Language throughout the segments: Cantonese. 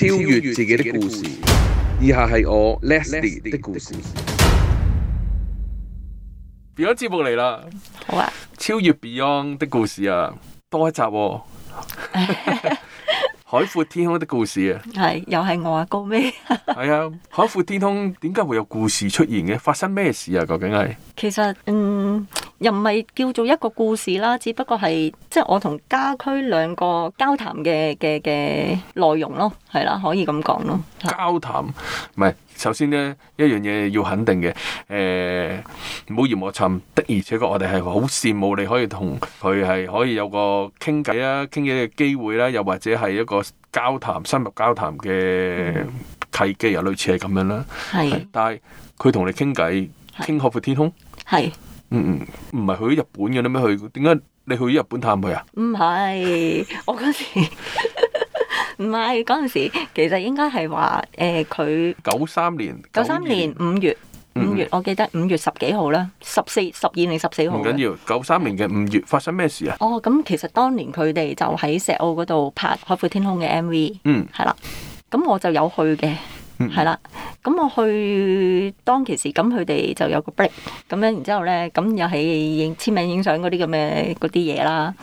超越自己的故事，以下係我 Leslie 的故事。Beyond 節目嚟啦，好啊！超越 Beyond 的故事啊，多一集喎，海闊天空的故事啊，係又係我啊高飛。係啊，海闊天空點解會有故事出現嘅？發生咩事啊？究竟係？其實嗯。又唔係叫做一個故事啦，只不過係即係我同家居兩個交談嘅嘅嘅內容咯，係啦，可以咁講咯。交談唔係首先呢一樣嘢要肯定嘅，欸，唔好嫌我沉，的而且確我哋係好羨慕你可以同佢係可以有個傾偈啊、傾偈嘅機會啦、啊，又或者係一個交談深入交談嘅契機、啊，又類似係咁樣啦、啊。係是，但係佢同你傾偈，傾海闊天空。係。嗯嗯，唔係去日本嘅，點咩去？點解你去日本探佢啊？唔係，我嗰時唔係嗰陣時，其實應該係話誒，佢九三年，九三年五月，五月，嗯、我記得五月十幾號啦，十四、十二定十四號。唔緊要，九三年嘅五月發生咩事啊？哦，咁其實當年佢哋就喺石澳嗰度拍《海闊天空》嘅 MV，嗯，係啦，咁我就有去嘅。係、嗯、啦，咁我去當其時，咁佢哋就有個 break，咁樣然之後咧，咁又係影簽名、影相嗰啲咁嘅啲嘢啦。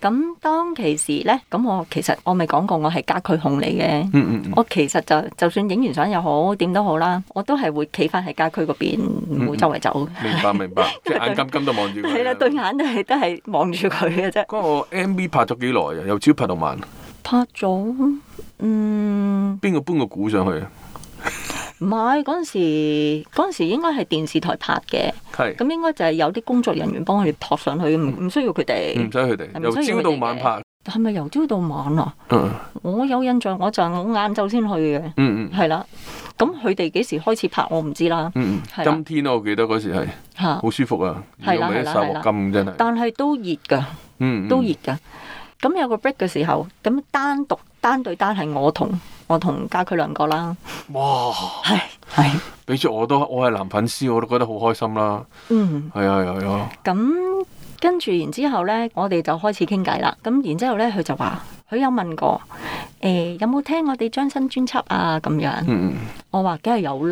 咁當其時咧，咁我其實我未講過我，我係家居控嚟嘅。我其實就就算影完相又好，點都好啦，我都係會企翻喺家居嗰邊，嗯嗯嗯唔會周圍走，明。明白明白，隻 眼金金都望住。係啦、 啊，對眼都係都係望住佢嘅啫。嗰個 MV 拍咗幾耐啊？由朝拍到晚，拍咗，嗯。邊個搬個鼓上去啊？唔係嗰陣時，嗰陣時應該係電視台拍嘅，咁應該就係有啲工作人員幫佢哋託上去，唔唔需要佢哋，唔使佢哋。由朝到晚拍，係咪由朝到晚啊？我有印象，我就我晏晝先去嘅。嗯，係啦。咁佢哋幾時開始拍我唔知啦。今天我記得嗰時係，好舒服啊，用埋啲散落金真係。但係都熱㗎，都熱㗎。咁有個 break 嘅時候，咁單獨單對單係我同。我同家駒兩個啦，哇，係係，俾住我都我係男粉絲，我都覺得好開心啦。嗯，係啊，係啊。咁、啊、跟住然之後咧，我哋就開始傾偈啦。咁然之後咧，佢就話，佢有問過，誒、欸，有冇聽我哋張新專輯啊？咁樣，嗯、我話梗係有囉，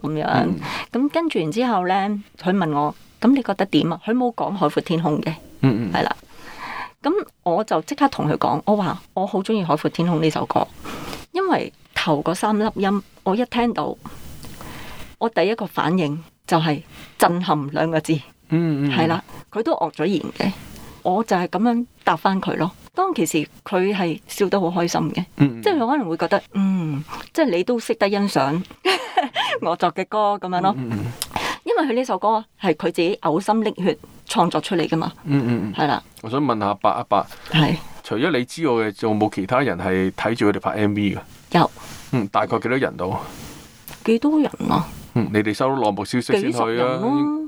咁樣。咁、嗯、跟住然之後咧，佢問我，咁你覺得點啊？佢冇講《海闊天空》嘅，嗯嗯，係啦、啊。咁、嗯、我就即刻同佢講，我話我好中意《海闊天空》呢首歌。因為頭嗰三粒音，我一聽到，我第一個反應就係震撼兩個字。嗯，係、嗯、啦，佢都愕咗言嘅，我就係咁樣答翻佢咯。當其時佢係笑得好開心嘅，嗯、即係佢可能會覺得，嗯，即係你都識得欣賞 我作嘅歌咁樣咯。因為佢呢首歌係佢自己嘔心瀝血創作出嚟噶嘛。嗯嗯，係啦。我想問下白一白。係。除咗你知我嘅，仲冇其他人係睇住佢哋拍 MV 嘅。有，嗯，大概幾多人到？幾多人啊？嗯，你哋收到內幕消息先去啊？啊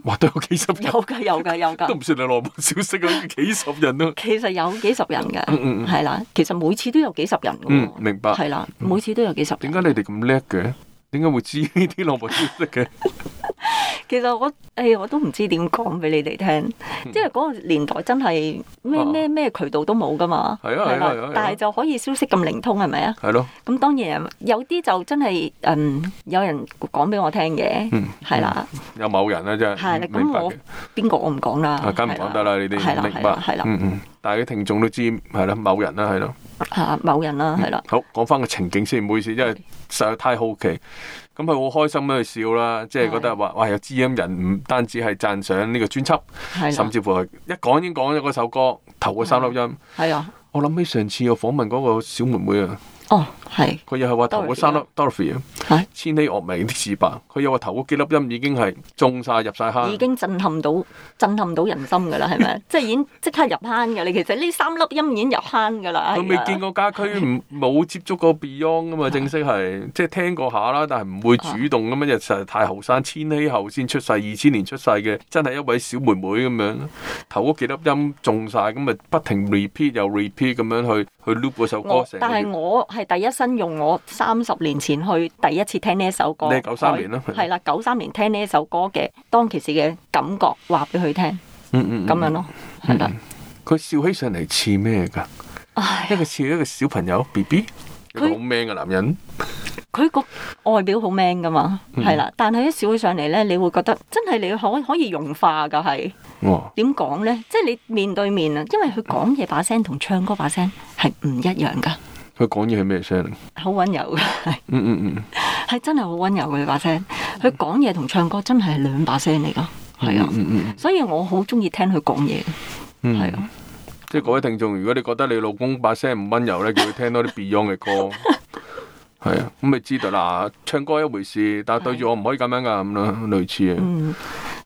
哇，都有幾十人。有噶，有噶，有噶。 都唔算係內幕消息啦，幾十人咯，啊。其實有幾十人嘅、嗯，嗯嗯，係啦。其實每次都有幾十人，嗯，明白。係啦，每次都有幾十。點解、嗯、你哋咁叻嘅？點解會知呢啲內幕消息嘅？ 其實我誒，我都唔知點講俾你哋聽，即係嗰個年代真係咩咩咩渠道都冇噶嘛，係啦，但係就可以消息咁靈通係咪啊？係咯。咁當然有啲就真係嗯，有人講俾我聽嘅，係啦。有某人咧，即係係啦。咁我邊個我唔講啦，梗唔講得啦，你哋明白係啦。嗯嗯，但係啲聽眾都知係咯，某人啦係咯。啊！某人啦，係啦。好，講返個情景先，唔好意思，因為實在太好奇。咁佢好開心咧，佢笑啦，即係覺得話：的哇！有知音人唔單止係讚賞呢個專輯，的甚至乎係一講已經講咗嗰首歌頭嗰三粒音。係啊！我諗起上次我訪問嗰個小妹妹啊。哦，係。佢又係話頭嗰三粒 Dorothy 啊，千禧樂迷啲事吧。佢又話頭嗰幾粒音已經係中晒入晒坑了。已經震撼到震撼到人心噶啦，係咪？ 即係已經即刻入坑噶。你其實呢三粒音已經入坑噶啦。佢未、啊、見過家駒，唔冇 接觸過 Beyond 啊嘛。啊正式係即係聽過下啦，但係唔會主動咁樣，因為、啊、太後生。千禧後先出世，二千年出世嘅，真係一位小妹妹咁樣。頭嗰幾粒音中晒咁咪不停 repeat 又 repeat 咁樣去去 loop 嗰首歌。但係我，係第一身用我三十年前去第一次聽呢一首歌，九三年咯，係啦，九三年聽呢一首歌嘅當其時嘅感覺話俾佢聽，嗯，嗯嗯，咁樣咯，係啦、嗯嗯。佢笑起上嚟似咩噶？唉呀，一個似一個小朋友 B B，好 man 嘅男人。佢個外表好 man 噶嘛，係啦、嗯。但係一笑起上嚟咧，你會覺得真係你可以可以融化噶係。哇！點講咧？即係你面對面啊，因為佢講嘢把聲同唱歌把聲係唔一樣噶。佢講嘢係咩聲？好溫柔嘅，係嗯嗯嗯，係真係好溫柔嘅把聲。佢講嘢同唱歌真係兩把聲嚟噶，係啊，嗯嗯。所以我好中意聽佢講嘢。嗯，係啊。即係各位聽眾，如果你覺得你老公把聲唔溫柔咧，叫佢聽多啲 Beyond 嘅歌。係啊，咁咪知道啦。唱歌一回事，但係對住我唔可以咁樣噶，咁樣類似啊。嗯，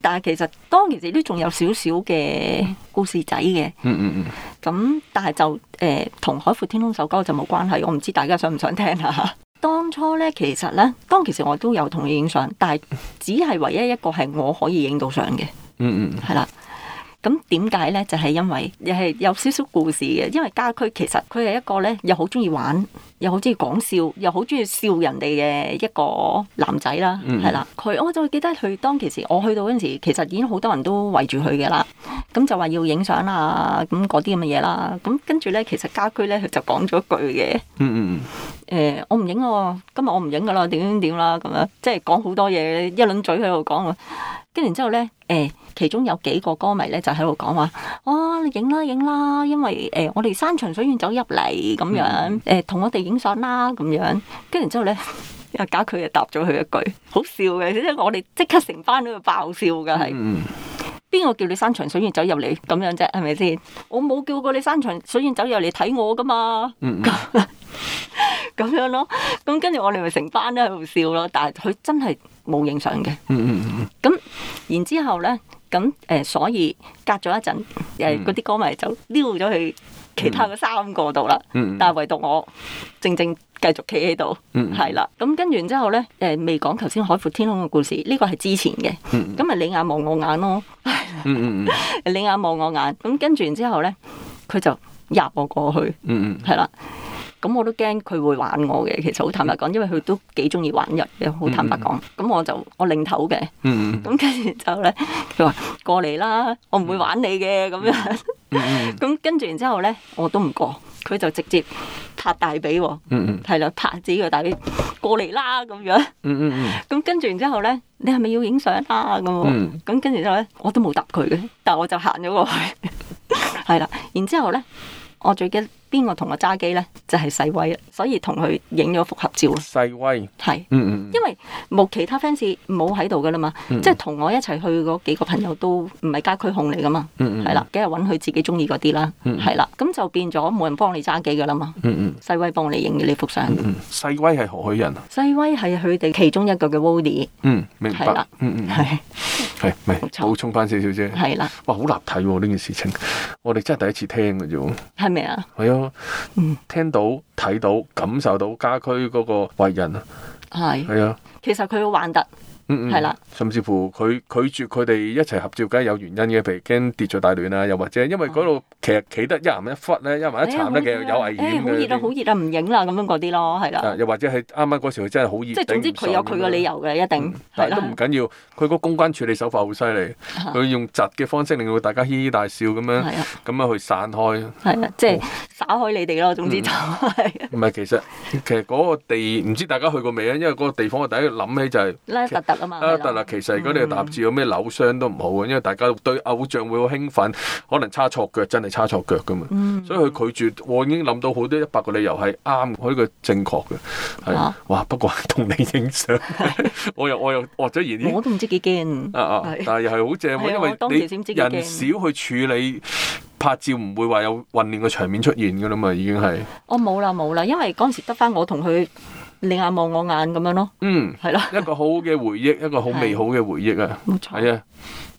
但係其實當其時都仲有少少嘅故事仔嘅。嗯嗯嗯。咁但係就誒、同、呃、海闊天空首歌就冇關係，我唔知大家想唔想聽下。當初呢，其實呢，當其時我都有同你影相，但係只係唯一一個係我可以影到相嘅。嗯嗯， 係啦。咁點解咧？就係、是、因為又係有少少故事嘅，因為家駒其實佢係一個咧，又好中意玩，又好中意講笑，又好中意笑人哋嘅一個男仔啦，係啦、mm。佢、hmm. 我就記得佢當其時我去到嗰陣時，其實已經好多人都圍住佢嘅啦。咁就話要影相啊，咁嗰啲咁嘅嘢啦。咁跟住咧，其實家駒咧，佢就講咗句嘅。嗯嗯、mm hmm. 欸、我唔影我，今日我唔影噶啦，點點點啦，咁樣即係講好多嘢，一輪嘴喺度講。跟然之後咧，誒、欸、其中有幾個歌迷咧就喺度講話，哦，你影啦影啦，因為誒、欸、我哋山長水遠走入嚟咁樣，誒、欸、同我哋影相啦咁樣。跟然之後咧，阿、啊、家佢就答咗佢一句，好笑嘅，即我哋即刻成班都度爆笑嘅係。邊個、嗯、叫你山長水遠走入嚟咁樣啫？係咪先？我冇叫過你山長水遠走入嚟睇我噶嘛。咁、嗯、 樣咯，咁跟住我哋咪成班都喺度笑咯。但係佢真係。冇影相嘅，咁然之後咧，咁誒、呃、所以隔咗一陣，誒嗰啲歌迷就溜咗去其他嗰三個度啦，嗯、但係唯獨我正正繼續企喺度，係啦、嗯，咁跟完之後咧，誒未講頭先海闊天空嘅故事，呢、這個係之前嘅，咁咪、嗯、你眼望我眼咯， 你眼望我眼，咁跟住然之後咧，佢就入我過去，嗯嗯，係、嗯、啦。咁我都驚佢會玩我嘅，其實好坦白講，因為佢都幾中意玩人嘅，好坦白講。咁我就我擰頭嘅，咁跟住之後咧，佢話過嚟啦，我唔、嗯、會玩你嘅咁樣。咁跟住然之後咧，我都唔過，佢就直接拍大髀喎，係啦、嗯，拍自己個大髀過嚟啦咁樣。咁跟住然之後咧，你係咪要影相啊？咁，咁跟住之後咧，我都冇答佢嘅，但我就行咗過去，係啦。然之後咧，我最驚。邊個同我揸機咧？就係細威，所以同佢影咗幅合照咯。細威係，因為冇其他 fans 冇喺度噶啦嘛，即係同我一齊去嗰幾個朋友都唔係家居控嚟噶嘛，係啦，梗係揾佢自己中意嗰啲啦，係啦，咁就變咗冇人幫你揸機噶啦嘛，嗯嗯，細威幫我哋影呢幅相，嗯，細威係何許人啊？細威係佢哋其中一個嘅 wooly，嗯，明白，嗯嗯，係係咪補充翻少少啫？係啦，哇，好立體喎呢件事情，我哋真係第一次聽嘅啫喎，係咪啊？係啊。嗯，聽到、睇到、感受到家駒嗰個為人，係係啊，的其實佢好玩得。係啦，甚至乎佢拒絕佢哋一齊合照，梗係有原因嘅，譬如驚跌咗大亂啊，又或者因為嗰度其實企得一行一忽咧，一埋一巢得其有危險。好熱啊！好熱啊！唔影啦，咁樣嗰啲咯，係啦。又或者係啱啱嗰時，佢真係好熱。即係總之，佢有佢嘅理由嘅，一定係啦。但係都唔緊要，佢嗰個公關處理手法好犀利，佢用窒嘅方式令到大家嘻嘻大笑咁樣，咁樣去散開。係啊，即係散開你哋咯。總之就係。唔係，其實其實嗰個地唔知大家去過未啊？因為嗰個地方我第一諗起就係啊，得啦、嗯！其實如果你要拍照，咩扭傷都唔好嘅，因為大家對偶像會好興奮，可能差錯腳真係差錯腳㗎嘛。嗯、所以佢拒絕，我已經諗到好多一百個理由係啱，呢個正確嘅。啊，哇！不過同你影相 我，我又我又或者而家我都唔知幾堅。但係又係好正嘅，因為你人少去處理拍照，唔會話有混亂嘅場面出現㗎啦嘛，已經係。我冇啦冇啦，因為嗰陣時得返我同佢。你眼望我眼咁樣咯，嗯，係咯，一個好嘅回憶，一個好美好嘅回憶啊，冇錯，係啊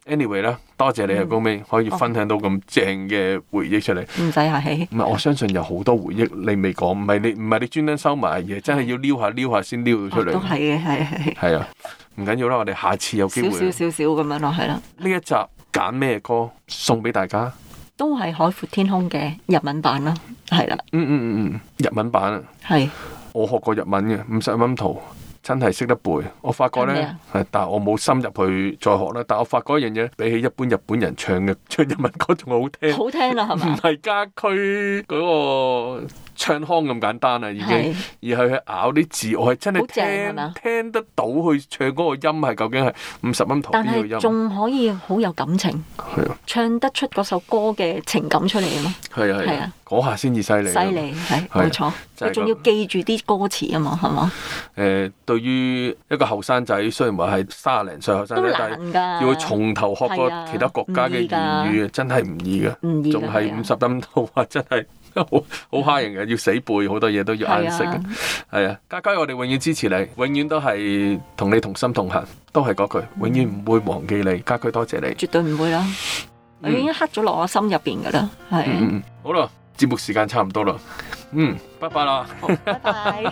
，anyway 啦，多謝你啊，高尾可以分享到咁正嘅回憶出嚟。唔使客氣，唔係我相信有好多回憶你未講，唔係你唔係你專登收埋嘢，真係要撩下撩下先撩到出嚟。都係嘅，係係係，係啊，唔緊要啦，我哋下次有機會少少少少咁樣咯，係啦。呢一集揀咩歌送俾大家？都係海闊天空嘅日文版咯，係啦，嗯嗯嗯嗯，日文版啊，係。我學過日文嘅，五十音圖真係識得背。我發覺呢，但係我冇深入去再學啦。但係我發覺一樣嘢，比起一般日本人唱嘅唱日文歌仲好聽。好聽啦，啊，係咪？唔係家駒嗰個。唱腔咁簡單啊，已經而係去咬啲字，我係真係聽聽得到佢唱嗰個音係究竟係五十音圖邊個音？但係仲可以好有感情，係啊，唱得出嗰首歌嘅情感出嚟啊嘛。係啊，係啊，嗰下先至犀利。犀利係冇錯，你仲要記住啲歌詞啊嘛，係嘛？誒，對於一個後生仔，雖然話係卅零歲後生仔，都難噶，要佢從頭學過其他國家嘅言語，真係唔易噶。唔易，仲係五十音圖啊，真係。好，好蝦人嘅，要死背好多嘢，都要眼識嘅，係啊。家駒，我哋永遠支持你，永遠都係同你同心同行，都係嗰句，永遠唔會忘記你。家駒多謝你，絕對唔會啦，我已經刻咗落我心入邊噶啦，係。好啦，節目時間差唔多啦，嗯，拜拜啦，拜拜。